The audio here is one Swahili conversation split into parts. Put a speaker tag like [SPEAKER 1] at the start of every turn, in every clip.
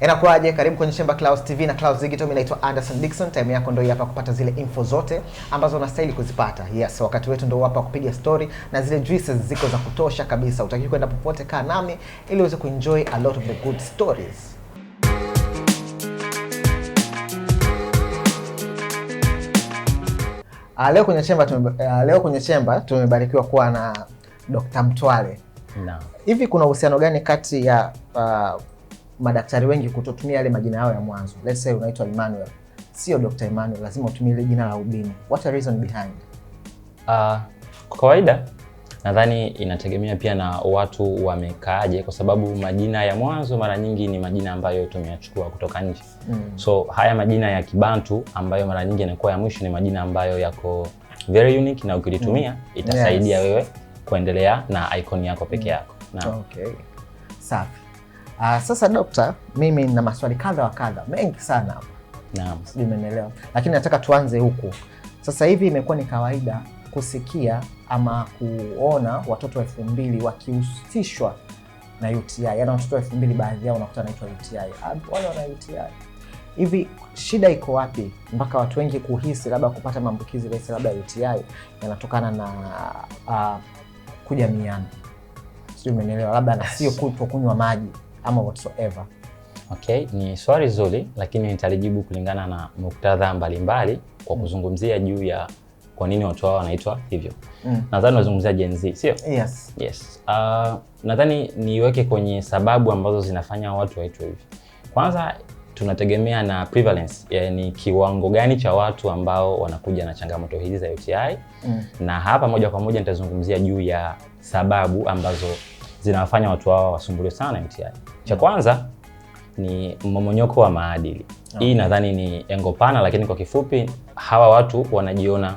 [SPEAKER 1] Inakuwaje? Karibu kwenye Chemba Clouds TV na Clouds Digital. Mimi naitwa Anderson Dickson. Time yako ndio hapa kupata zile info zote ambazo unastahili kuzipata. Yes, wakati wetu ndio hapa kupiga story na zile juices ziko za kutosha kabisa. Utaki kwenda popote, kaa nami ili uweze kuenjoy a lot of the good stories. Ah, leo kwenye Chemba tume, ah, leo kwenye Chemba tumebarikiwa kuwa na Dr. Mtwale. Naam. Hivi kuna uhusiano gani kati ya uh, madaktari wengi kutotumia yale majina yao ya mwanzo. Let's say unaitwa Emmanuel, sio Dr. Emmanuel, lazima utumie ile jina la ubini. What a reason behind?
[SPEAKER 2] Uh, kwa kawaida nadhani inategemea pia na watu wamekaaje, kwa sababu majina ya mwanzo mara nyingi ni majina ambayo tumeyachukua kutoka nje mm. So haya majina ya Kibantu ambayo mara nyingi yanakuwa ya mwisho ni majina ambayo yako very unique na ukilitumia mm. itasaidia yes. wewe kuendelea na icon yako peke yako
[SPEAKER 1] na. Okay. Safi. Uh, sasa dokta, mimi na maswali kadha wa kadha mengi sana Naam. Sijui umeelewa. Lakini nataka tuanze huku. Sasa hivi imekuwa ni kawaida kusikia ama kuona watoto elfu mbili wakihusishwa na UTI. Yaani watoto elfu mbili baadhi yao unakuta wanaitwa UTI. Ah, wale wana UTI. Hivi shida iko wapi mpaka watu wengi kuhisi labda kupata maambukizi rahisi labda UTI yanatokana na uh, kujamiana. Sijui umeelewa, labda na sio kutokunywa maji ama whatsoever?
[SPEAKER 2] Okay, ni swali zuri lakini nitalijibu kulingana na muktadha mbalimbali kwa mm. kuzungumzia juu ya kwa nini watu hao wanaitwa hivyo. Mm. Nadhani unazungumzia Gen Z, sio? Yes. Yes. Uh, nadhani niweke kwenye sababu ambazo zinafanya watu waitwe hivyo. Kwanza tunategemea na prevalence, yani kiwango gani cha watu ambao wanakuja na changamoto hizi za UTI. Mm. Na hapa moja kwa moja nitazungumzia juu ya sababu ambazo zinawafanya watu hao wasumbuliwe sana MTI. Cha kwanza ni mmomonyoko wa maadili. Okay. Ah. Hii nadhani ni engo pana, lakini kwa kifupi hawa watu wanajiona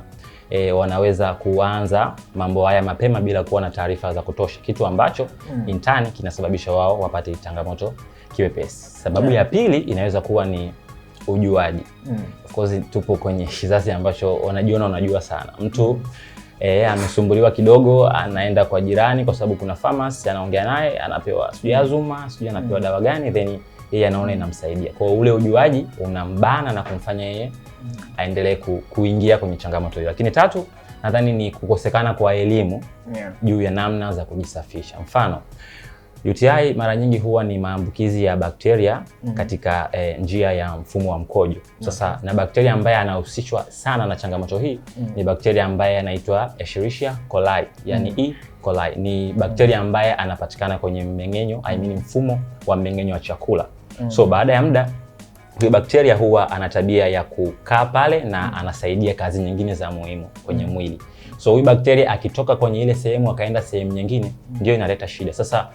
[SPEAKER 2] E, wanaweza kuanza mambo haya mapema bila kuwa na taarifa za kutosha, kitu ambacho mm. intani kinasababisha wao wapate changamoto kiwepesi. Sababu yeah. ya pili inaweza kuwa ni ujuaji mm. of course, tupo kwenye kizazi ambacho wanajiona wanajua sana mtu mm. E, amesumbuliwa kidogo, anaenda kwa jirani, kwa sababu kuna pharmacy, anaongea naye, anapewa sijui mm. azuma, sijui anapewa mm. dawa gani, then yeye anaona mm. inamsaidia. Kwa ule ujuaji unambana na kumfanya yeye aendelee kuingia kwenye changamoto hiyo. Lakini tatu, nadhani ni kukosekana kwa elimu yeah, juu ya namna za kujisafisha mfano UTI mm. mara nyingi huwa ni maambukizi ya bakteria mm. katika e, njia ya mfumo wa mkojo. Mm. Sasa na bakteria ambaye anahusishwa sana na changamoto hii mm. ni bakteria ambaye anaitwa Escherichia coli, yani mm. E coli. Ni bakteria ambaye anapatikana kwenye mmeng'enyo, I mean mm. mfumo wa mmeng'enyo wa chakula mm. so baada ya muda huyo bakteria huwa ana tabia ya kukaa pale na anasaidia kazi nyingine za muhimu kwenye mwili. So huyu bakteria akitoka kwenye ile sehemu akaenda sehemu nyingine, ndio inaleta shida. Sasa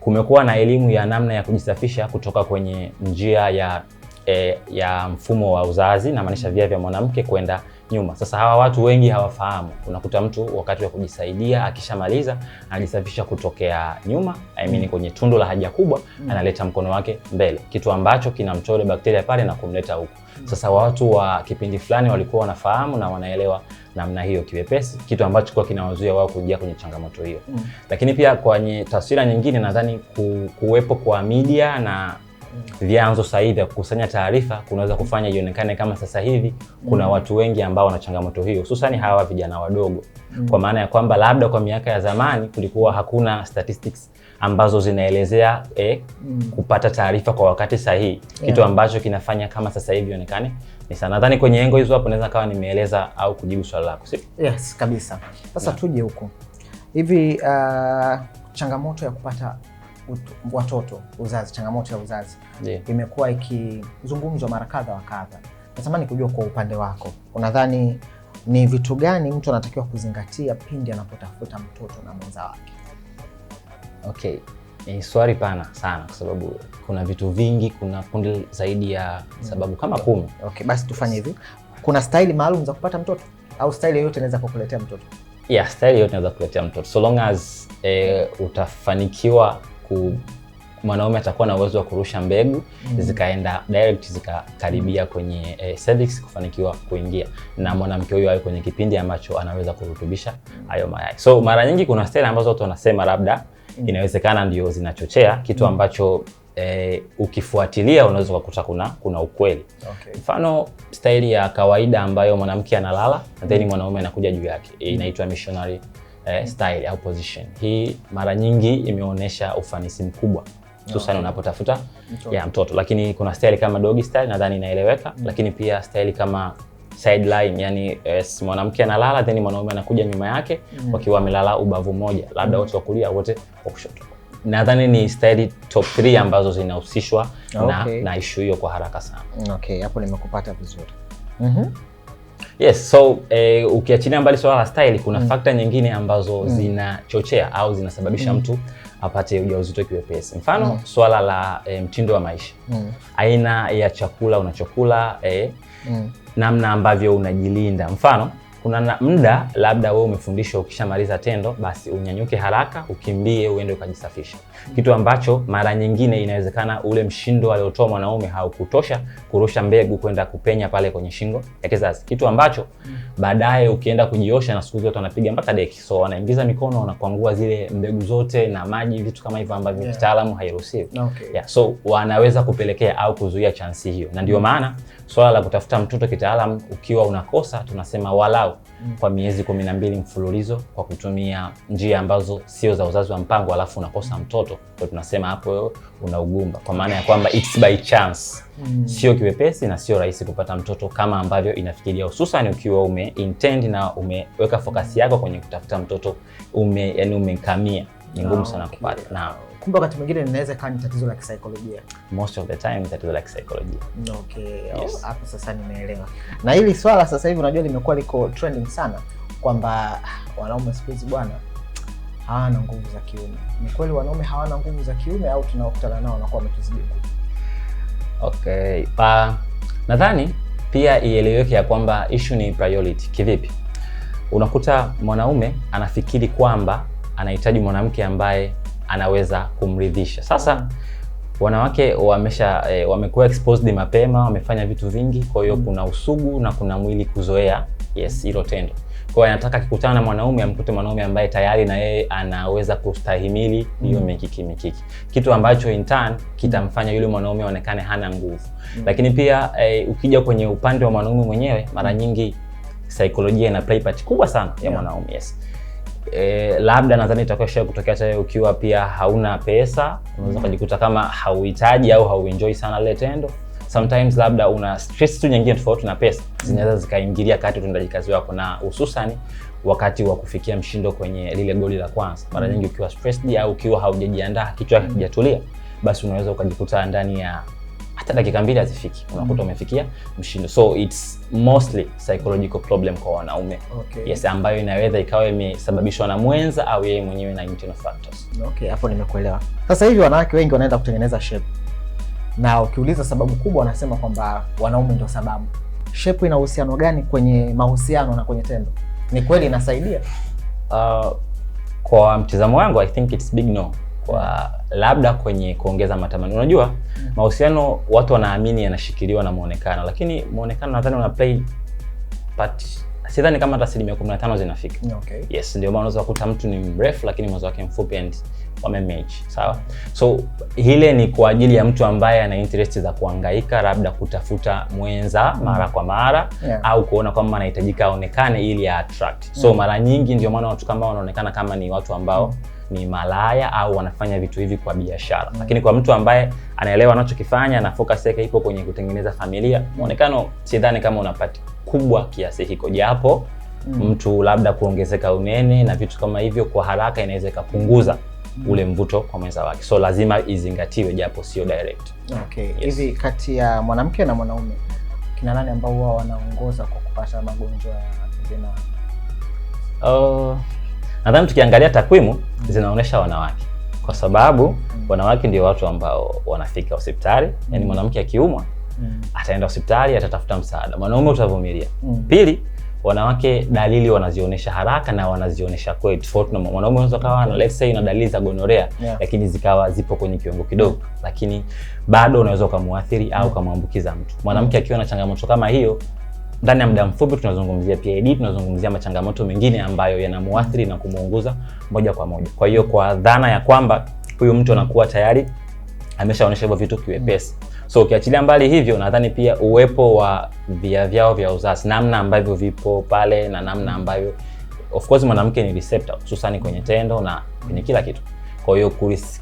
[SPEAKER 2] kumekuwa na elimu ya namna ya kujisafisha kutoka kwenye njia ya e, ya mfumo wa uzazi na maanisha via vya mwanamke kwenda nyuma. Sasa hawa watu wengi hawafahamu. Unakuta mtu wakati wa kujisaidia akishamaliza anajisafisha kutokea nyuma, I mean mm. kwenye tundu la haja kubwa, mm. analeta mkono wake mbele, kitu ambacho kinamchole bakteria pale na kumleta huku. Mm. Sasa watu wa kipindi fulani walikuwa wanafahamu na wanaelewa namna hiyo kiwepesi, kitu ambacho kwa kinawazuia wao kuingia kwenye changamoto hiyo mm. Lakini pia kwenye taswira nyingine nadhani ku, kuwepo kwa media na mm. vyanzo sahihi vya kukusanya taarifa kunaweza kufanya ionekane kama sasa hivi kuna mm. watu wengi ambao wana changamoto hiyo, hususani hawa vijana wadogo mm. kwa maana ya kwamba labda kwa miaka ya zamani kulikuwa hakuna statistics ambazo zinaelezea eh, mm. kupata taarifa kwa wakati sahihi yeah. kitu ambacho kinafanya kama sasa hivi ionekane sasa nadhani kwenye engo hizo hapo naweza kawa nimeeleza au kujibu swali lako, si?
[SPEAKER 1] Yes, kabisa. Sasa tuje huko hivi, uh, changamoto ya kupata watoto uzazi, changamoto ya uzazi yeah, imekuwa ikizungumzwa mara kadha wa kadha. Natamani kujua kwa upande wako unadhani ni vitu gani mtu anatakiwa kuzingatia pindi anapotafuta mtoto na mwenza wake?
[SPEAKER 2] Okay ni swali pana sana kwa sababu kuna vitu vingi, kuna kundi zaidi ya sababu kama kumi.
[SPEAKER 1] Okay, basi tufanye hivi, kuna staili maalum za kupata mtoto au staili yoyote inaweza kukuletea mtoto?
[SPEAKER 2] Yeah, staili yoyote inaweza kuletea mtoto so long as eh, utafanikiwa ku mwanaume atakuwa na uwezo wa kurusha mbegu mm zikaenda direct zikakaribia kwenye eh, cervix kufanikiwa kuingia, na mwanamke huyo awe kwenye kipindi ambacho anaweza kurutubisha mm. hayo mayai. So mara nyingi kuna staili ambazo watu wanasema labda mm. inawezekana ndio zinachochea kitu mm. ambacho e, ukifuatilia unaweza ukakuta kuna, kuna ukweli okay. Mfano staili ya kawaida ambayo mwanamke analala mm. then mwanaume anakuja juu yake mm. inaitwa missionary e, style au position. Hii mara nyingi imeonyesha ufanisi mkubwa hususan okay. unapotafuta mtoto. ya mtoto, lakini kuna staili kama doggy style nadhani inaeleweka mm. lakini pia staili kama sideline, yani yes, eh, mwanamke analala then mwanaume anakuja nyuma yake mm. wakiwa wamelala ubavu moja labda mm. wote wa kulia wote wa kushoto. Nadhani ni staili top 3 ambazo zinahusishwa okay. na, na issue hiyo kwa haraka sana.
[SPEAKER 1] Okay, hapo nimekupata vizuri. mm -hmm.
[SPEAKER 2] Yes, so eh, ukiachilia mbali swala la style kuna mm. fakta nyingine ambazo mm. zinachochea au zinasababisha mm. mtu apate ujauzito kiwepesi. Mfano mm. swala la e, mtindo wa maisha mm. aina ya chakula unachokula e, mm. namna ambavyo unajilinda mfano kuna muda labda wewe umefundishwa, ukishamaliza tendo basi unyanyuke haraka, ukimbie, uende ukajisafisha, kitu ambacho mara nyingine inawezekana ule mshindo aliotoa mwanaume haukutosha kurusha mbegu kwenda kupenya pale kwenye shingo ya kizazi, kitu ambacho baadaye ukienda kujiosha, na siku hizi watu wanapiga mpaka deki, so wanaingiza mikono, wanakwangua zile mbegu zote na maji, vitu kama hivyo ambavyo yeah, kitaalamu hairuhusiwi okay. Yeah, so wanaweza kupelekea au kuzuia chansi hiyo, na ndio maana mm swala la kutafuta mtoto kitaalamu ukiwa unakosa, tunasema walau mm. kwa miezi kumi na mbili mfululizo kwa kutumia njia ambazo sio za uzazi wa mpango, alafu unakosa mm. mtoto, kwa tunasema hapo una ugumba, kwa maana ya kwamba it's by chance. Mm. Sio kiwepesi na sio rahisi kupata mtoto kama ambavyo inafikiria, hususan ukiwa ume intend na umeweka fokasi yako kwenye kutafuta mtoto ume, yani umekamia, ni ngumu ah, sana kupata na
[SPEAKER 1] kumbe wakati mwingine linaweza ikawa ni tatizo la kisaikolojia.
[SPEAKER 2] Most of the time tatizo la kisaikolojia.
[SPEAKER 1] Okay, hapo yes. Sasa nimeelewa. Na hili swala sasa hivi unajua limekuwa liko trending sana kwamba ah, wanaume siku hizi bwana hawana nguvu za kiume. Ni kweli wanaume hawana nguvu za kiume au tunaokutana nao wanakuwa wametuzidi nguvu?
[SPEAKER 2] Okay, pa nadhani pia ieleweke ya kwamba issue ni priority. Kivipi? Unakuta mwanaume anafikiri kwamba anahitaji mwanamke ambaye anaweza kumridhisha. Sasa mm. wanawake wamesha e, wamekuwa exposed mapema, wamefanya vitu vingi, kwa hiyo mm. kuna usugu na kuna mwili kuzoea yes hilo tendo. Kwa hiyo anataka kikutana na mwanaume amkute mwanaume ambaye tayari na yeye anaweza kustahimili hiyo mm. mikiki mikiki, kitu ambacho in turn kitamfanya yule mwanaume aonekane hana nguvu mm. Lakini pia e, ukija kwenye upande wa mwanaume mwenyewe, mara mm. nyingi saikolojia ina play part kubwa sana ya yeah. mwanaume yes e, labda nadhani itakwisha kutokea tena ukiwa pia hauna pesa, unaweza mm. ukajikuta kama hauhitaji au hauenjoy sana lile tendo. Sometimes labda una stress tu nyingine tofauti na pesa zinaweza mm. zikaingilia kati utendaji kazi wako, na hususan wakati wa kufikia mshindo kwenye lile goli la kwanza. Mara mm. nyingi ukiwa stressed au ukiwa haujajiandaa, kichwa hakijatulia, basi unaweza ukajikuta ndani ya hata dakika mbili hazifiki, unakuta mm. umefikia mshindo. So it's mostly psychological problem kwa wanaume okay. Yes, ambayo inaweza ikawa imesababishwa na mwenza au yeye mwenyewe na internal factors.
[SPEAKER 1] Okay, hapo nimekuelewa. Sasa hivi wanawake wengi wanaenda kutengeneza shape, na ukiuliza sababu kubwa wanasema kwamba wanaume ndio sababu. Shape ina uhusiano gani kwenye mahusiano na kwenye tendo? Ni kweli inasaidia? Uh,
[SPEAKER 2] kwa mtizamo wangu I think it's big no kwa labda kwenye kuongeza matamanio. Unajua mm. mahusiano watu wanaamini yanashikiliwa na muonekano, lakini muonekano nadhani una play part sidhani kama hata asilimia 15 zinafika. Okay. Yes, ndio maana unaweza kukuta mtu ni mrefu lakini mwanzo wake mfupi and wamematch. Sawa? So ile ni kwa ajili ya mtu ambaye ana interest za kuangaika labda kutafuta mwenza mm. mara kwa mara yeah. au kuona kwamba anahitajika aonekane ili ya attract. So mm. mara nyingi ndio maana watu kama wanaonekana kama ni watu ambao mm ni malaya au wanafanya vitu hivi kwa biashara. Lakini kwa mtu ambaye anaelewa anachokifanya na focus yake ipo kwenye kutengeneza familia, muonekano sidhani kama unapati kubwa kiasi hiko, japo mm. mtu labda kuongezeka unene na vitu kama hivyo kwa haraka inaweza ikapunguza mm. ule mvuto kwa mwenza wake, so lazima izingatiwe japo sio direct.
[SPEAKER 1] Okay. Hivi yes. Kati ya mwanamke na mwanaume kina nani ambao huwa wanaongoza kwa kupata magonjwa ya zinaa? Uh,
[SPEAKER 2] oh. Nadhani tukiangalia takwimu zinaonyesha wanawake, kwa sababu wanawake ndio watu ambao wanafika hospitali Yani mm. mwanamke akiumwa mm. ataenda hospitali, atatafuta msaada, mwanaume utavumilia. Mm. Pili, wanawake dalili wanazionyesha haraka na wanazionyesha kweli, tofauti na mwanaume. Unaweza kawa na let's say una dalili za gonorea yeah. lakini zikawa zipo kwenye kiwango kidogo, lakini bado unaweza ukamuathiri au ukamwambukiza mtu. Mwanamke akiwa na changamoto kama hiyo ndani ya muda mfupi tunazungumzia PID, tunazungumzia machangamoto mengine ambayo yanamuathiri na kumuunguza moja kwa moja. Kwa hiyo kwa dhana ya kwamba huyu mtu anakuwa tayari ameshaonyesha hivyo vitu kiwepesi. So ukiachilia mbali hivyo, nadhani pia uwepo wa via vyao vya uzazi, namna ambavyo vipo pale na namna ambavyo of course mwanamke ni receptor hususan kwenye tendo na kwenye kila kitu. Kwa hiyo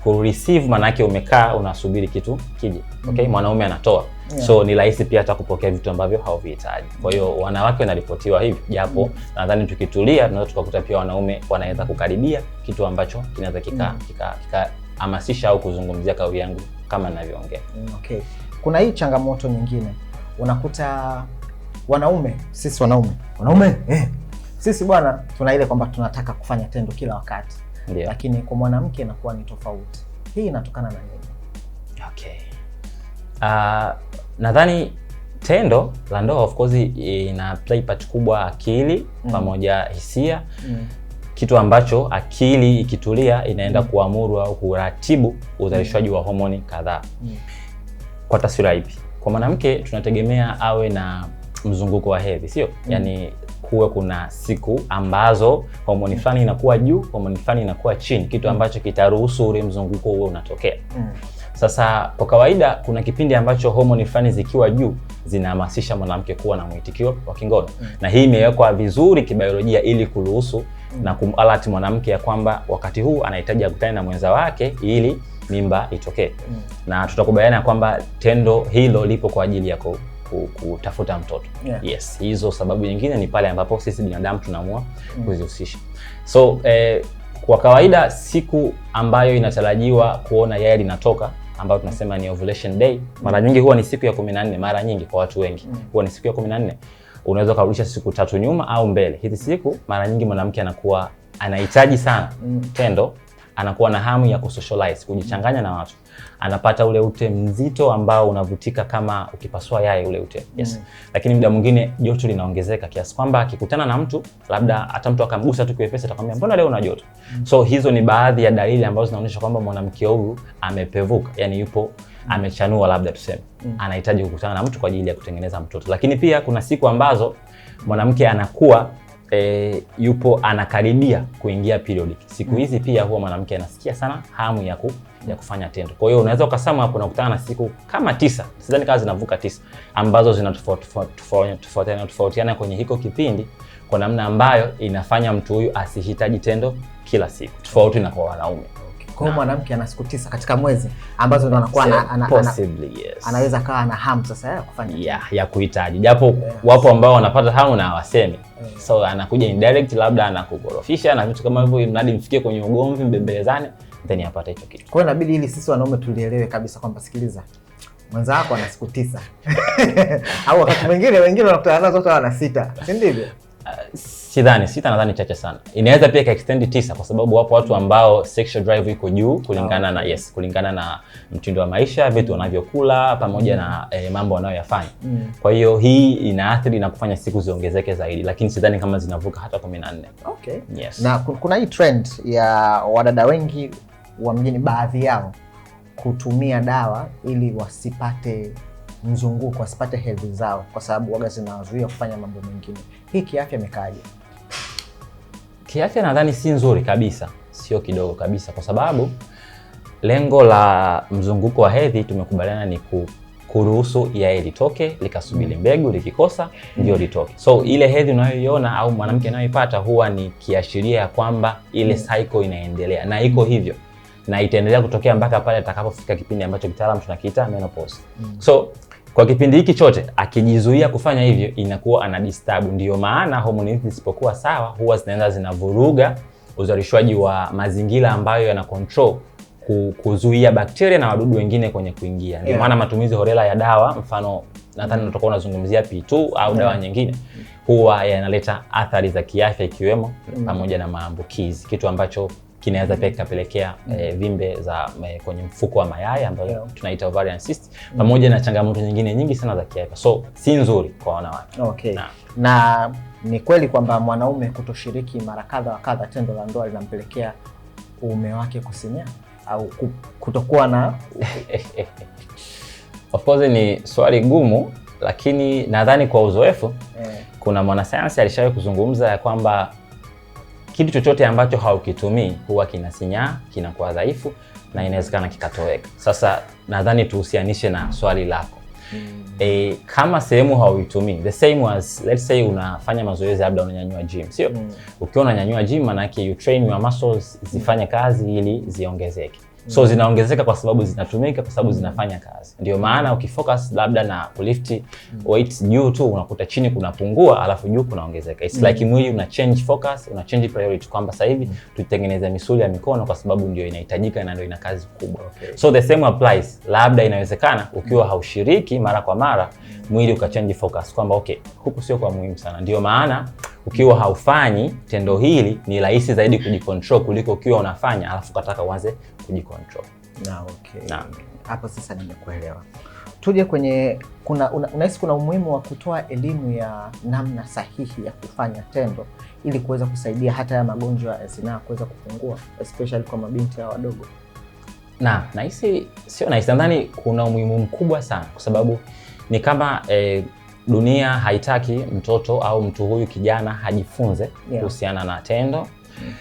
[SPEAKER 2] ku receive maana yake umekaa unasubiri kitu kije. Okay, mwanaume anatoa yeah. So ni rahisi pia hata kupokea vitu ambavyo hauvihitaji. Kwa hiyo wanawake wanaripotiwa hivi japo mm. nadhani tukitulia tunaweza tukakuta pia wanaume wanaweza kukaribia kitu ambacho kinaweza kikahamasisha mm. kika, kika au kuzungumzia kauli yangu kama ninavyoongea.
[SPEAKER 1] Mm, okay. Kuna hii changamoto nyingine unakuta wanaume sisi wanaume wanaume mm. eh, sisi bwana tuna ile kwamba tunataka kufanya tendo kila wakati yeah. Lakini kwa mwanamke inakuwa ni tofauti. Hii inatokana na nini?
[SPEAKER 2] Okay. Uh, nadhani tendo la ndoa of course ina play part kubwa akili mm. pamoja hisia mm. kitu ambacho akili ikitulia inaenda mm. kuamuru au kuratibu uzalishaji mm. wa homoni kadhaa mm. kwa taswira ipi? Kwa mwanamke tunategemea awe na mzunguko wa hedhi sio? mm. yani kuwe kuna siku ambazo homoni mm. fulani inakuwa juu, homoni fulani inakuwa chini, kitu mm. ambacho kitaruhusu ule mzunguko huwe unatokea mm. Sasa kwa kawaida kuna kipindi ambacho homoni fulani zikiwa juu zinahamasisha mwanamke kuwa na mwitikio wa kingono mm. na hii imewekwa vizuri kibiolojia ili kuruhusu mm. na kumalert mwanamke ya kwamba wakati huu anahitaji akutane na mwenza wake ili mimba itokee mm. na tutakubaliana kwamba tendo hilo lipo kwa ajili ya kutafuta mtoto yeah. Yes, hizo sababu nyingine ni pale ambapo sisi binadamu tunaamua mm. kuzihusisha so eh, kwa kawaida siku ambayo inatarajiwa kuona yai linatoka ambayo tunasema ni ovulation day. Mara nyingi huwa ni siku ya 14, mara nyingi kwa watu wengi mm. huwa ni siku ya 14. Unaweza kurudisha siku tatu nyuma au mbele. Hizi siku mara nyingi mwanamke anakuwa anahitaji sana mm. tendo, anakuwa na hamu ya kusocialize, kujichanganya na watu anapata ule ute mzito ambao unavutika kama ukipasua yai ule ute. Yes. Mm. Lakini muda mwingine joto linaongezeka kiasi kwamba akikutana na mtu labda hata mtu akamgusa tu kiwepesi atakwambia mbona leo una joto? Mm. So hizo ni baadhi ya dalili ambazo zinaonyesha kwamba mwanamke huyu amepevuka, yani yupo mm. amechanua labda tuseme, mm. anahitaji kukutana na mtu kwa ajili ya kutengeneza mtoto. Lakini pia kuna siku ambazo mwanamke anakuwa e, yupo anakaribia kuingia periodic. Siku mm. hizi pia huwa mwanamke anasikia sana hamu ya ku ya kufanya tendo. Kwa hiyo unaweza ukasema hapo unakutana na siku kama tisa, sidhani kama zinavuka tisa, ambazo zinatofautiana kwenye hiko kipindi kwa namna ambayo inafanya mtu huyu asihitaji tendo kila siku, tofauti na kwa wanaume.
[SPEAKER 1] Kwa hiyo mwanamke ana siku tisa katika mwezi ambazo ndo anakuwa ana,
[SPEAKER 2] ana, possibly, yes.
[SPEAKER 1] Anaweza kawa ana hamu sasa ya kufanya
[SPEAKER 2] yeah, ya kuhitaji japo yeah. Wapo ambao wanapata hamu na hawasemi yeah. So anakuja indirect labda anakukorofisha na vitu kama hivyo, mradi mfikie kwenye ugomvi, mbembelezane then apate hicho kitu.
[SPEAKER 1] Kwa hiyo inabidi hili sisi wanaume tulielewe kabisa kwamba sikiliza, mwenzako wako ana siku tisa au wakati mwingine wengine wanakutana nazo hata wana sita, si ndivyo? Uh,
[SPEAKER 2] sidhani, sita nadhani chache sana. Inaweza pia ikaextend tisa, kwa sababu wapo watu ambao sexual drive iko juu kulingana na yes, kulingana na mtindo wa maisha, vitu wanavyokula pamoja mm. na eh, mambo wanayoyafanya mm. kwa hiyo hii inaathiri na kufanya siku ziongezeke zaidi, lakini sidhani kama zinavuka hata nne
[SPEAKER 1] Okay. Yes. Na kuna hii trend ya wadada wengi wa mjini, baadhi yao kutumia dawa ili wasipate mzunguko, wasipate hedhi zao, kwa sababu waga zinawazuia kufanya mambo mengine. Hii kiafya imekaaje?
[SPEAKER 2] kiafya nadhani si nzuri kabisa, sio kidogo kabisa, kwa sababu lengo la mzunguko wa hedhi tumekubaliana ni ku kuruhusu yai litoke likasubiri mm. mbegu, likikosa ndio mm. litoke. So ile hedhi unayoiona au mwanamke anayoipata huwa ni kiashiria ya kwamba ile mm. cycle inaendelea na iko hivyo na itaendelea kutokea mpaka pale atakapofika kipindi ambacho kitaalamu tunakiita menopause. So kwa kipindi hiki chote akijizuia kufanya hivyo, inakuwa ana disturb. Ndio maana homoni hizi zisipokuwa sawa, huwa zinaenda zinavuruga uzalishwaji wa mazingira ambayo yana control kuzuia bakteria na wadudu wengine kwenye kuingia. Ndio maana yeah. matumizi holela ya dawa mfano nadhani mm. utakuwa unazungumzia P2 au dawa nyingine huwa yanaleta athari za kiafya ikiwemo mm. pamoja na maambukizi, kitu ambacho kinaweza pia mm-hmm. kikapelekea e, vimbe za e, kwenye mfuko wa mayai ambayo yeah. tunaita ovarian cyst mm-hmm. pamoja na changamoto nyingine nyingi sana za kiafya, so si nzuri kwa wanawake.
[SPEAKER 1] Okay. Na, na ni kweli kwamba mwanaume kutoshiriki mara kadha wa kadha tendo la ndoa linampelekea uume wake kusinya au kutokuwa na
[SPEAKER 2] Of course ni swali gumu, lakini nadhani kwa uzoefu yeah. kuna mwanasayansi alishawahi kuzungumza ya kwamba kitu chochote ambacho haukitumii huwa kinasinyaa, kinakuwa dhaifu na inawezekana kikatoweka. Sasa nadhani tuhusianishe na swali lako. Mm. E, kama sehemu hauitumii the same as let's say unafanya mazoezi labda unanyanyua gym, sio? Mm. Ukiwa unanyanyua gym maana you train your muscles mm. zifanye kazi ili ziongezeke. So zinaongezeka kwa sababu zinatumika, kwa sababu zinafanya kazi. Ndio maana ukifocus labda na kulift weight juu tu, unakuta chini kunapungua, alafu juu kunaongezeka. It's like mm. mwili una change focus, una change priority kwamba sasa hivi mm. tutengeneza misuli ya mikono kwa sababu ndio inahitajika na ndio ina kazi kubwa. So the same applies. Labda inawezekana ukiwa mm. haushiriki mara kwa mara, mwili ukachange focus kwamba okay, huku sio kwa muhimu sana. Ndio maana ukiwa haufanyi tendo hili, ni rahisi zaidi kujikontrol kuliko ukiwa unafanya alafu kataka uanze kujikontrol.
[SPEAKER 1] Na okay. Na hapo sasa nimekuelewa. Tuje kwenye kuna unahisi kuna umuhimu wa kutoa elimu ya namna sahihi ya kufanya tendo ili kuweza kusaidia hata ya magonjwa ya zinaa kuweza kupungua especially kwa mabinti hao wadogo.
[SPEAKER 2] Na nahisi sio nahisi, nadhani kuna umuhimu mkubwa sana kwa sababu ni kama eh, dunia haitaki mtoto au mtu huyu kijana hajifunze kuhusiana yeah. na tendo mm.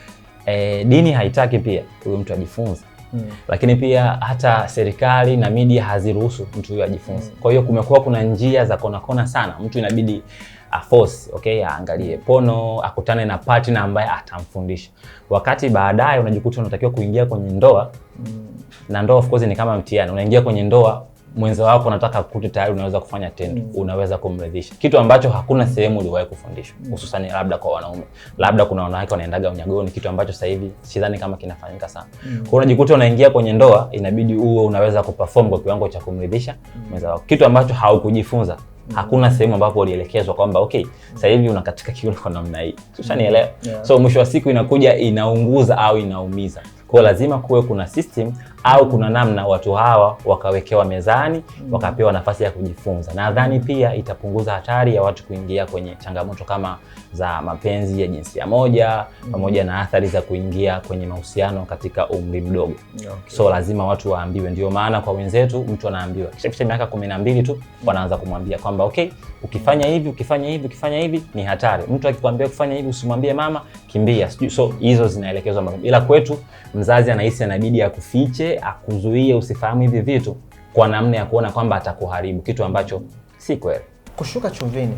[SPEAKER 2] E, dini haitaki pia huyu mtu ajifunze mm. Lakini pia hata serikali na media haziruhusu mtu huyu ajifunze mm. Kwa hiyo kumekuwa kuna njia za kona kona sana, mtu inabidi aforce okay, aangalie pono, akutane na partner ambaye atamfundisha, wakati baadaye unajikuta unatakiwa kuingia kwenye ndoa mm. Na ndoa of course ni kama mtihani, unaingia kwenye ndoa mwenza wako nataka kute tayari unaweza kufanya tendo mm. Unaweza kumridhisha kitu ambacho hakuna sehemu uliwahi kufundishwa hususan mm. Labda kwa wanaume, labda kuna wanawake wanaendaga unyagoni, kitu ambacho sasa hivi sidhani kama kinafanyika sana mm. Kwa unajikuta unaingia kwenye ndoa, inabidi uwe unaweza kuperform kwa kiwango cha kumridhisha mm. mwenza wako, kitu ambacho haukujifunza mm. hakuna sehemu ambapo ulielekezwa kwamba okay, mm. sasa hivi unakatika kiuno kwa namna hii, ushanielewa? yeah. So mwisho wa siku inakuja inaunguza au inaumiza, kwa lazima kuwe kuna system au kuna namna watu hawa wakawekewa mezani mm. wakapewa nafasi ya kujifunza. Nadhani mm. pia itapunguza hatari ya watu kuingia kwenye changamoto kama za mapenzi ya jinsia moja mm-hmm. pamoja mm. na athari za kuingia kwenye mahusiano katika umri mdogo. Okay. So lazima watu waambiwe, ndio maana kwa wenzetu mtu anaambiwa kishafikisha miaka kumi na mbili tu mm. wanaanza kumwambia kwamba okay, ukifanya mm. hivi ukifanya hivi ukifanya hivi ni hatari. Mtu akikwambia kufanya hivi usimwambie mama, kimbia. So hizo zinaelekezwa, ila kwetu mzazi anahisi anabidi akufiche yoyote akuzuie usifahamu hivi vitu kwa namna ya kuona kwamba atakuharibu, kitu ambacho si kweli.
[SPEAKER 1] Kushuka chuvini,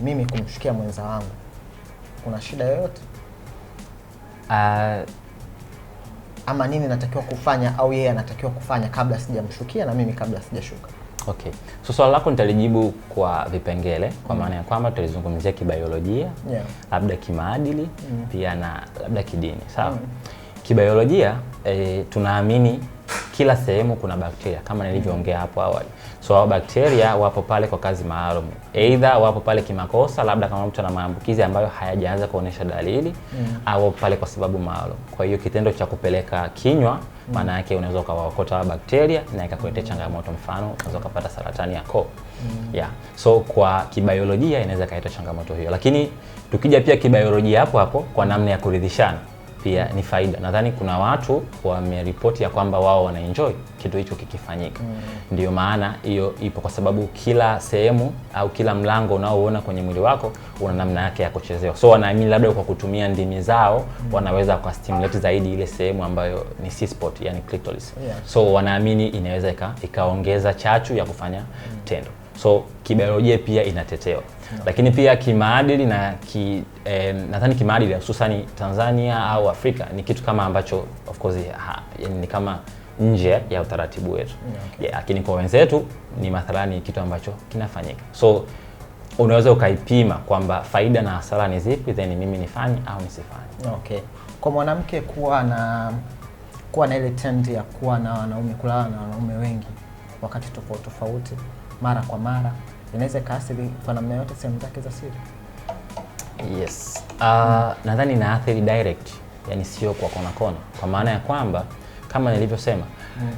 [SPEAKER 1] mimi kumshukia mwenza wangu, kuna shida yoyote? Uh, ama nini natakiwa kufanya au yeye anatakiwa kufanya kabla sijamshukia na mimi kabla sijashuka?
[SPEAKER 2] Okay. So swala lako nitalijibu kwa vipengele kwa mm. maana mm. ya kwamba tutalizungumzia kibiolojia, yeah. labda kimaadili mm. pia na labda kidini, sawa? mm. Kibiolojia e, tunaamini kila sehemu kuna bakteria kama nilivyoongea hapo awali. So hao bakteria wapo pale kwa kazi maalum, aidha wapo pale kimakosa, labda kama mtu ana maambukizi ambayo hayajaanza kuonyesha dalili mm. au pale kwa sababu maalum. Kwa hiyo kitendo cha kupeleka kinywa maana mm. yake unaweza ukawaokota bakteria na ikakuletea mm. changamoto, mfano unaweza ukapata saratani ya koo mm. yeah. So kwa kibayolojia inaweza ikaleta changamoto hiyo, lakini tukija pia kibayolojia hapo hapo kwa namna ya kuridhishana pia ni faida. Nadhani kuna watu wameripoti ya kwamba wao wanaenjoy kitu hicho kikifanyika. mm. Ndiyo maana hiyo ipo, kwa sababu kila sehemu au kila mlango unaoona kwenye mwili wako una namna yake ya kuchezewa, so wanaamini labda kwa kutumia ndimi zao mm. wanaweza kwa stimulate zaidi ile sehemu ambayo ni C-spot, yani clitoris. Yeah. So wanaamini inaweza ikaongeza chachu ya kufanya mm. tendo so kibiolojia pia inatetewa no. Lakini pia kimaadili na ki, eh, nadhani kimaadili hususani Tanzania au Afrika ni kitu kama ambacho of course ha, yani ni kama nje ya utaratibu wetu lakini mm, yeah, okay. yeah, kwa wenzetu ni mathalani kitu ambacho kinafanyika so unaweza ukaipima kwamba faida na hasara ni zipi, then mimi nifanye au nisifanye.
[SPEAKER 1] Okay. Kwa mwanamke kuwa na kuwa na ile tendi ya kuwa na wanaume kulala na wanaume wengi wakati tofauti tofauti mara kwa mara inaweza ikaathiri kwa namna yote sehemu zake za siri?
[SPEAKER 2] Yes. Uh, hmm. Nadhani athiri direct, yani sio kwa kona kona, kwa maana ya kwamba kama nilivyosema hmm.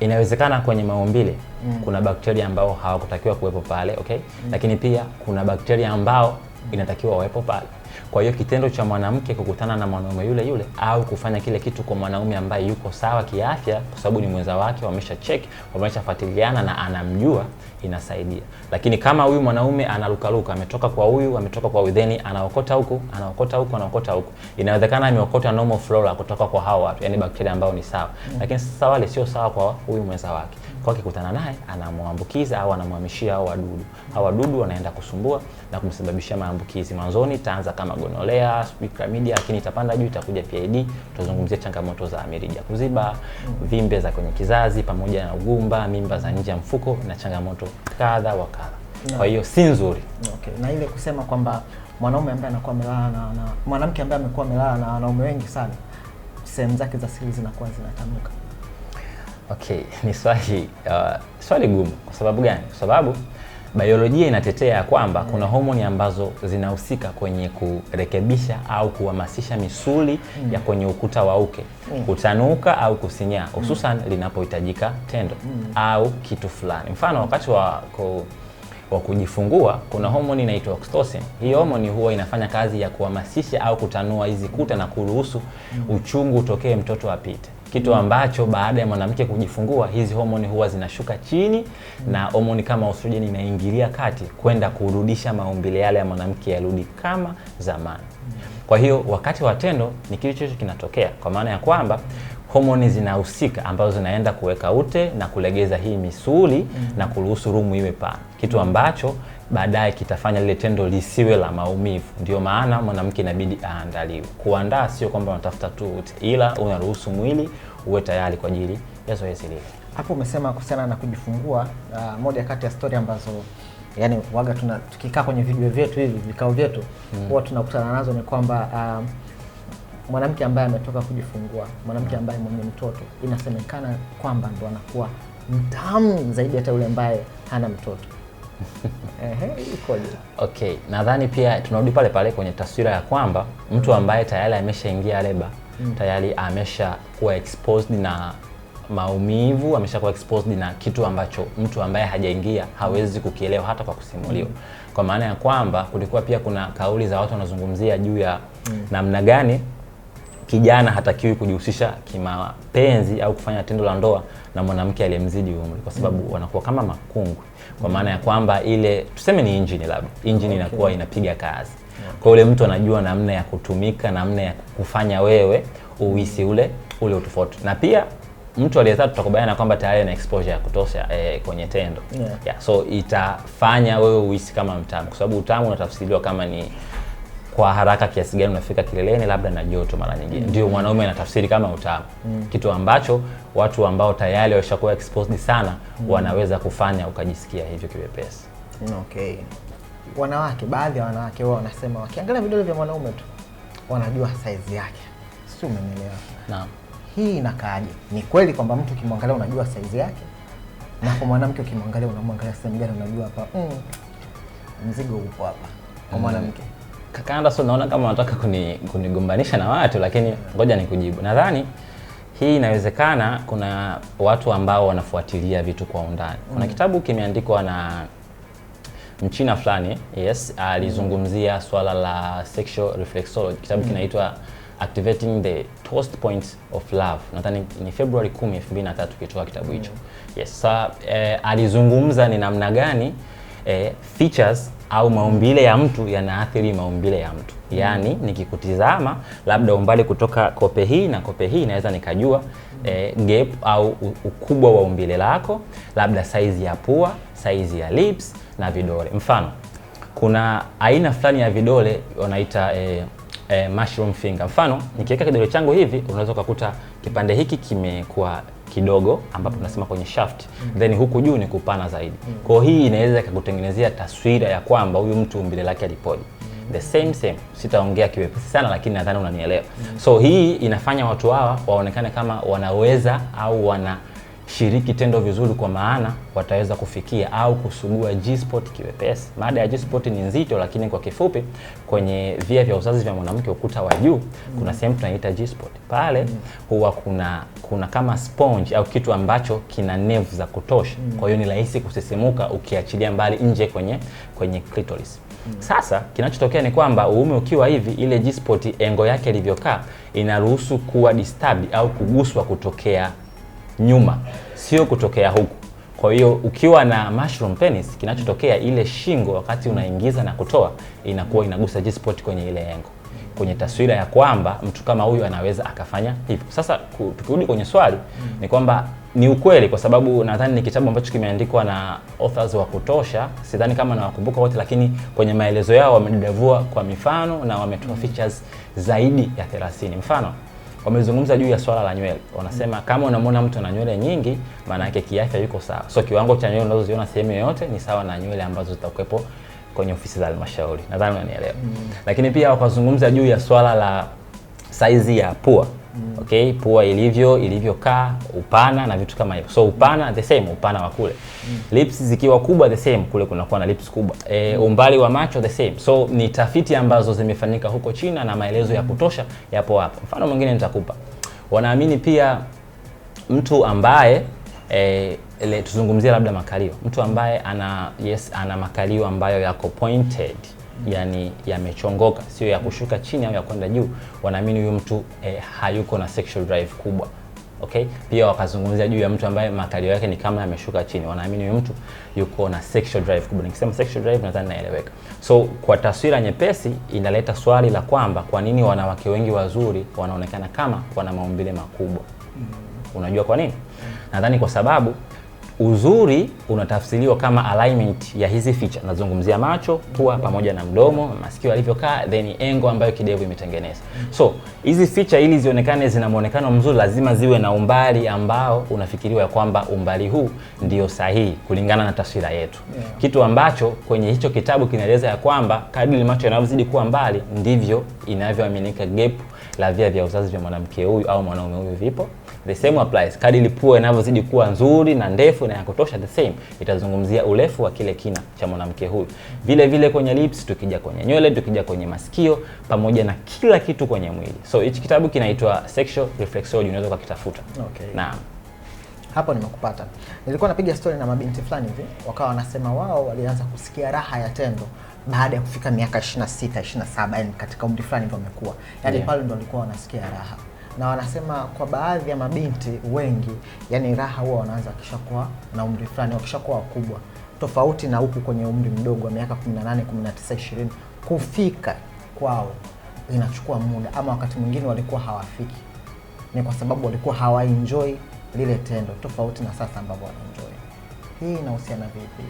[SPEAKER 2] Inawezekana kwenye maumbile mm. kuna bakteria ambao hawakutakiwa kuwepo pale okay, mm. lakini pia kuna bakteria ambao inatakiwa wawepo pale. Kwa hiyo kitendo cha mwanamke kukutana na mwanaume yule yule au kufanya kile kitu kwa mwanaume ambaye yuko sawa kiafya, kwa sababu ni mwenza wake, wamesha check, wameshafuatiliana na anamjua, inasaidia. Lakini kama huyu mwanaume analukaluka ametoka kwa huyu, ametoka kwa udheni, anaokota huku, anaokota huku, anaokota huku, inawezekana ameokota normal flora kutoka kwa hao watu, yani bakteria ambao ni sawa, lakini sasa wale sio sawa kwa huyu mwenza wake kwa akikutana naye anamwambukiza au anamhamishia au wadudu. Hao wadudu wanaenda kusumbua na kumsababishia maambukizi. Mwanzoni itaanza kama gonolea, sijui lakini itapanda juu itakuja PID. Tutazungumzia changamoto za mirija kuziba, vimbe za kwenye kizazi pamoja na ugumba, mimba za nje ya mfuko na changamoto kadha wa kadha. Kwa hiyo si nzuri.
[SPEAKER 1] Okay. Na ile kusema kwamba mwanaume ambaye anakuwa amelala na, na mwanamke ambaye amekuwa amelala na wanaume wengi sana sehemu zake za siri zinakuwa zinatanuka.
[SPEAKER 2] Okay, ni swali uh, swali gumu. Kwa sababu gani? Kwa sababu biolojia inatetea ya kwamba mm. kuna homoni ambazo zinahusika kwenye kurekebisha au kuhamasisha misuli mm. ya kwenye ukuta wa uke mm. kutanuka au kusinyaa, hususan mm. linapohitajika tendo mm. au kitu fulani. Mfano wakati wa ku, wa kujifungua kuna homoni inaitwa oxytocin. Hii homoni huwa inafanya kazi ya kuhamasisha au kutanua hizi kuta na kuruhusu uchungu utokee, mtoto apite kitu ambacho baada ya mwanamke kujifungua hizi homoni huwa zinashuka chini na homoni kama estrogen inaingilia kati kwenda kurudisha maumbile yale ya mwanamke yarudi kama zamani. Kwa hiyo wakati wa tendo ni kitu chochote kinatokea, kwa maana ya kwamba homoni zinahusika ambazo zinaenda kuweka ute na kulegeza hii misuli mm. na kuruhusu rumu iwe pana, kitu ambacho baadaye kitafanya lile tendo lisiwe la maumivu. Ndio maana mwanamke inabidi aandaliwe. Kuandaa sio kwamba unatafuta tu, ila unaruhusu mwili uwe tayari kwa ajili ya zoezi lile.
[SPEAKER 1] Hapo umesema kuhusiana na kujifungua. Uh, moja kati ya stori ambazo yani waga tuna tukikaa kwenye video vyetu hivi vikao vyetu hmm. huwa hmm, tunakutana nazo ni kwamba uh, mwanamke ambaye ametoka kujifungua, mwanamke ambaye mwenye mtoto, inasemekana kwamba ndo anakuwa mtamu zaidi hata yule ambaye hana mtoto.
[SPEAKER 2] Okay, nadhani pia tunarudi pale pale kwenye taswira ya kwamba mtu mm. ambaye tayari ameshaingia leba mm. tayari amesha kuwa exposed na maumivu, kuwa exposed na kitu ambacho mtu ambaye hajaingia hawezi kukielewa hata kwa kusimuliwa mm. Kwa maana ya kwamba kulikuwa pia kuna kauli za watu wanazungumzia juu ya mm. namna gani kijana hatakiwi kujihusisha kimapenzi au kufanya tendo la ndoa na mwanamke aliyemzidi umri, kwa sababu mm. wanakuwa kama makungu kwa maana ya kwamba ile tuseme ni injini labda injini okay. inakuwa inapiga kazi Kwa ule mtu anajua namna ya kutumika, namna ya kufanya wewe uhisi ule ule utofauti, na pia mtu aliyetatu tutakubaliana kwamba tayari ana exposure ya kutosha eh, kwenye tendo yeah. Yeah, so itafanya wewe uhisi kama mtamu, kwa sababu utamu unatafsiriwa kama ni kwa haraka kiasi gani unafika kileleni, labda na joto mara nyingine. Ndio mwanaume anatafsiri kama utamu, mm. kitu ambacho watu ambao tayari washakuwa exposed sana mm. wanaweza kufanya ukajisikia hivyo kiwepesi.
[SPEAKER 1] Mm, okay. Wanawake, baadhi ya wanawake wao wanasema wakiangalia vidole vya mwanaume tu wanajua size yake, si umenielewa? Naam. Hii inakaaje? Ni kweli kwamba mtu ukimwangalia unajua size yake, na kwa mwanamke ukimwangalia unamwangalia sehemu gani, unajua hapa, mm, mzigo upo hapa kwa mm. mwanamke mm.
[SPEAKER 2] Kaka Anderson, naona kama unataka kunigombanisha kuni na watu, lakini ngoja nikujibu. Nadhani hii inawezekana, kuna watu ambao wanafuatilia vitu kwa undani. Kuna mm. kitabu kimeandikwa na mchina fulani, yes, alizungumzia mm. swala la sexual reflexology. Kitabu mm. kinaitwa Activating the Toast Point of Love. Nadhani ni February 10, 2023 kitoa kitabu hicho. Mm. Yes, sa, eh, alizungumza ni namna gani eh, features au maumbile ya mtu yanaathiri maumbile ya mtu. Yaani nikikutizama labda umbali kutoka kope hii na kope hii naweza nikajua e, gap au ukubwa wa umbile lako, labda saizi ya pua, saizi ya lips na vidole. Mfano, kuna aina fulani ya vidole wanaita e, e, mushroom finger. Mfano, nikiweka kidole changu hivi unaweza ukakuta kipande hiki kimekuwa kidogo ambapo tunasema kwenye shaft mm. then huku juu ni kupana zaidi mm. Kwa hii inaweza ikakutengenezea taswira ya kwamba huyu mtu umbile lake alipoje. Mm. The same same, sitaongea kiwepesi sana lakini nadhani unanielewa. mm. So hii inafanya watu hawa waonekane kama wanaweza au wana shiriki tendo vizuri, kwa maana wataweza kufikia au kusugua G-spot kiwepesi. Mada ya G-spot ni nzito, lakini kwa kifupi, kwenye via vya uzazi vya mwanamke, ukuta wa juu, kuna sehemu tunaita G-spot. Pale huwa kuna kuna kama sponge au kitu ambacho kina nevu za kutosha, kwa hiyo ni rahisi kusisimuka ukiachilia mbali nje kwenye kwenye clitoris. Sasa kinachotokea ni kwamba uume ukiwa hivi, ile G-spot engo yake ilivyokaa inaruhusu kuwa disturbed au kuguswa kutokea nyuma, sio kutokea huku. Kwa hiyo ukiwa na mushroom penis, kinachotokea ile shingo wakati unaingiza na kutoa inakuwa inagusa G spot kwenye ile engo, kwenye taswira ya kwamba mtu kama huyu anaweza akafanya hivyo. Sasa tukirudi kwenye swali ni kwamba ni ukweli, kwa sababu nadhani ni kitabu ambacho kimeandikwa na authors wa kutosha. Sidhani kama nawakumbuka wote, lakini kwenye maelezo yao wamedadavua kwa mifano na wametoa features zaidi ya 30. Mfano wamezungumza juu ya swala la nywele, wanasema mm. kama unamwona mtu ana nywele nyingi, maana yake kiafya yuko sawa. So kiwango cha nywele unazoziona sehemu yoyote ni sawa na nywele ambazo zitakuwepo kwenye ofisi za halmashauri, nadhani unanielewa mm. Lakini pia wakazungumza juu ya swala la saizi ya pua mm. Okay, pua ilivyo ilivyokaa, upana na vitu kama hivyo, so upana the same, upana wa kule mm. Lips zikiwa kubwa the same, kule kunakuwa na lips kubwa e, mm. umbali wa macho the same. So ni tafiti ambazo zimefanyika huko China na maelezo ya mm. kutosha yapo hapo. Mfano mwingine nitakupa, wanaamini pia mtu ambaye e, tuzungumzie labda makalio, mtu ambaye ana yes, ana makalio ambayo yako pointed yani yamechongoka, sio ya kushuka chini au ya kwenda juu. Wanaamini huyu mtu eh, hayuko na sexual drive kubwa. Okay, pia wakazungumzia juu ya mtu ambaye makalio yake ni kama yameshuka chini. Wanaamini huyu mtu yuko na sexual drive kubwa. Nikisema sexual drive nadhani naeleweka. So kwa taswira nyepesi, inaleta swali la kwamba kwa nini wanawake wengi wazuri wanaonekana kama wana maumbile makubwa. Mm. Unajua kwa nini? Nadhani kwa sababu uzuri unatafsiriwa kama alignment ya hizi feature. Nazungumzia macho, pua pamoja na mdomo, masikio alivyokaa then engo ambayo kidevu imetengeneza. So hizi feature ili zionekane zina muonekano mzuri, lazima ziwe na umbali ambao unafikiriwa kwamba umbali huu ndio sahihi kulingana na taswira yetu, yeah. Kitu ambacho kwenye hicho kitabu kinaeleza ya kwamba kadri macho yanavyozidi kuwa mbali ndivyo inavyoaminika gap la via vya uzazi vya mwanamke huyu au mwanaume huyu vipo The same applies. Kadiri pua inavyozidi kuwa nzuri na ndefu na ya kutosha, the same itazungumzia urefu wa kile kina cha mwanamke huyu. Vile vile kwenye lips, tukija kwenye nywele, tukija kwenye masikio, pamoja na kila kitu kwenye mwili. So hichi kitabu kinaitwa Sexual Reflexology, unaweza ukakitafuta. Okay. Naam. Hapo nimekupata. Nilikuwa napiga story na mabinti fulani hivi, wakawa wanasema wao walianza kusikia raha ya tendo baada ya kufika miaka 26, 27, yani katika umri fulani ndio wamekuwa. Yaani yeah. Pale ndio walikuwa wanasikia raha na wanasema kwa baadhi ya mabinti wengi, yani raha huwa wanaanza wakishakuwa na umri fulani, wakishakuwa wakubwa, tofauti na huku kwenye umri mdogo wa miaka 18, 19, 20 kufika kwao inachukua muda, ama wakati mwingine walikuwa hawafiki. Ni kwa sababu walikuwa hawaenjoy lile tendo, tofauti na sasa ambavyo wanaenjoy. Hii inahusiana vipi?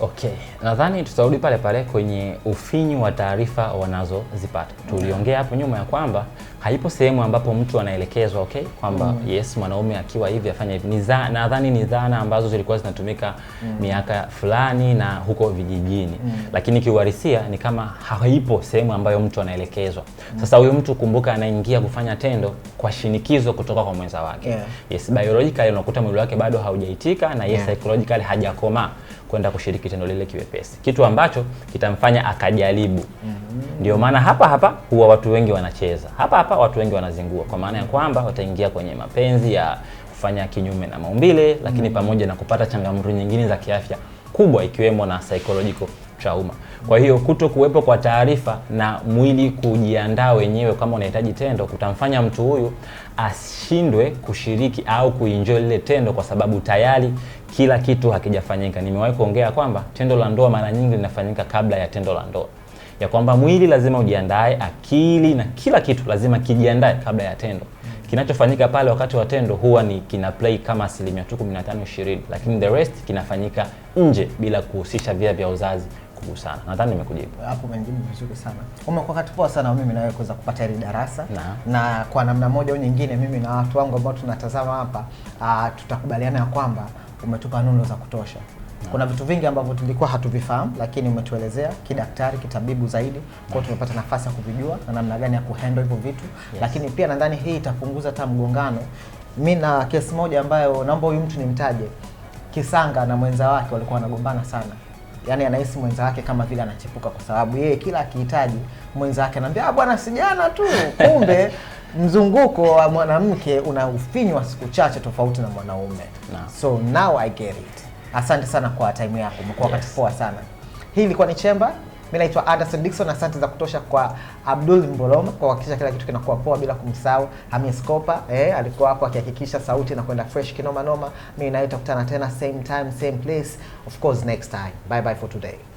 [SPEAKER 2] Okay, nadhani tutarudi pale pale kwenye ufinyu wa taarifa wanazozipata. Tuliongea hapo nyuma ya kwamba haipo sehemu ambapo mtu anaelekezwa okay, kwamba mm. yes mwanaume akiwa hivi afanya hivi. Nadhani ni dhana ambazo zilikuwa zinatumika mm. miaka fulani na huko vijijini mm. lakini kiuhalisia ni kama haipo sehemu ambayo mtu anaelekezwa mm. Sasa huyu mtu kumbuka, anaingia kufanya tendo kwa shinikizo kutoka kwa mwenza wake yeah. Yes, biologically unakuta mwili wake bado haujaitika na yes, yeah. psychologically hajakomaa kwenda kushiriki tendo lile kiwepesi, kitu ambacho kitamfanya akajaribu. Mm-hmm. Ndio mm -hmm. maana hapa hapa huwa watu wengi wanacheza hapa hapa, watu wengi wanazingua, kwa maana ya kwamba wataingia kwenye mapenzi ya kufanya kinyume na maumbile, lakini mm -hmm. pamoja na kupata changamoto nyingine za kiafya kubwa ikiwemo na psychological trauma. Kwa hiyo kuto kuwepo kwa taarifa na mwili kujiandaa wenyewe kama unahitaji tendo kutamfanya mtu huyu ashindwe kushiriki au kuinjoy lile tendo, kwa sababu tayari kila kitu hakijafanyika. Nimewahi kuongea kwamba tendo la ndoa mara nyingi linafanyika kabla ya tendo la ndoa, ya kwamba mwili lazima ujiandae, akili na kila kitu lazima kijiandae kabla ya tendo. Kinachofanyika pale wakati wa tendo huwa ni kina play kama asilimia tu 15 20, lakini the rest kinafanyika nje bila kuhusisha via vya uzazi kubwa sana. Nadhani nimekujibu hapo, umenijibu vizuri sana. Umekuwa wakati poa sana mimi na wewe kuweza kupata hili darasa na, na kwa namna moja au nyingine mimi na watu wangu ambao tunatazama hapa uh, tutakubaliana ya kwamba umetupa nuno za kutosha na. Kuna vitu vingi ambavyo tulikuwa hatuvifahamu lakini umetuelezea kidaktari, kitabibu zaidi, kwa tumepata nafasi ya kuvijua na namna gani ya kuhandle hivyo vitu yes. Lakini pia nadhani hii itapunguza hata mgongano. Mi na kesi moja ambayo naomba huyu mtu nimtaje, Kisanga na mwenza wake walikuwa wanagombana sana yani anahisi mwenza wake kama vile anachepuka, kwa sababu yeye kila akihitaji mwenza wake anaambia ah, bwana sijana tu. Kumbe mzunguko wa mwanamke unaufinywa siku chache tofauti na mwanaume no. So now I get it. Asante sana kwa time yako, umekuwa wakati yes. poa sana. Hii ilikuwa ni Chemba mi naitwa Anderson dikson asante za kutosha kwa Abdul Mboloma kwa kuhakikisha kila kitu kinakuwa poa bila kumsahau. Hamis Kopa eh, alikuwa hapo akihakikisha sauti na kwenda fresh kinoma noma. Mimi naitwa kutana tena same time same place, of course next time. Bye bye for today.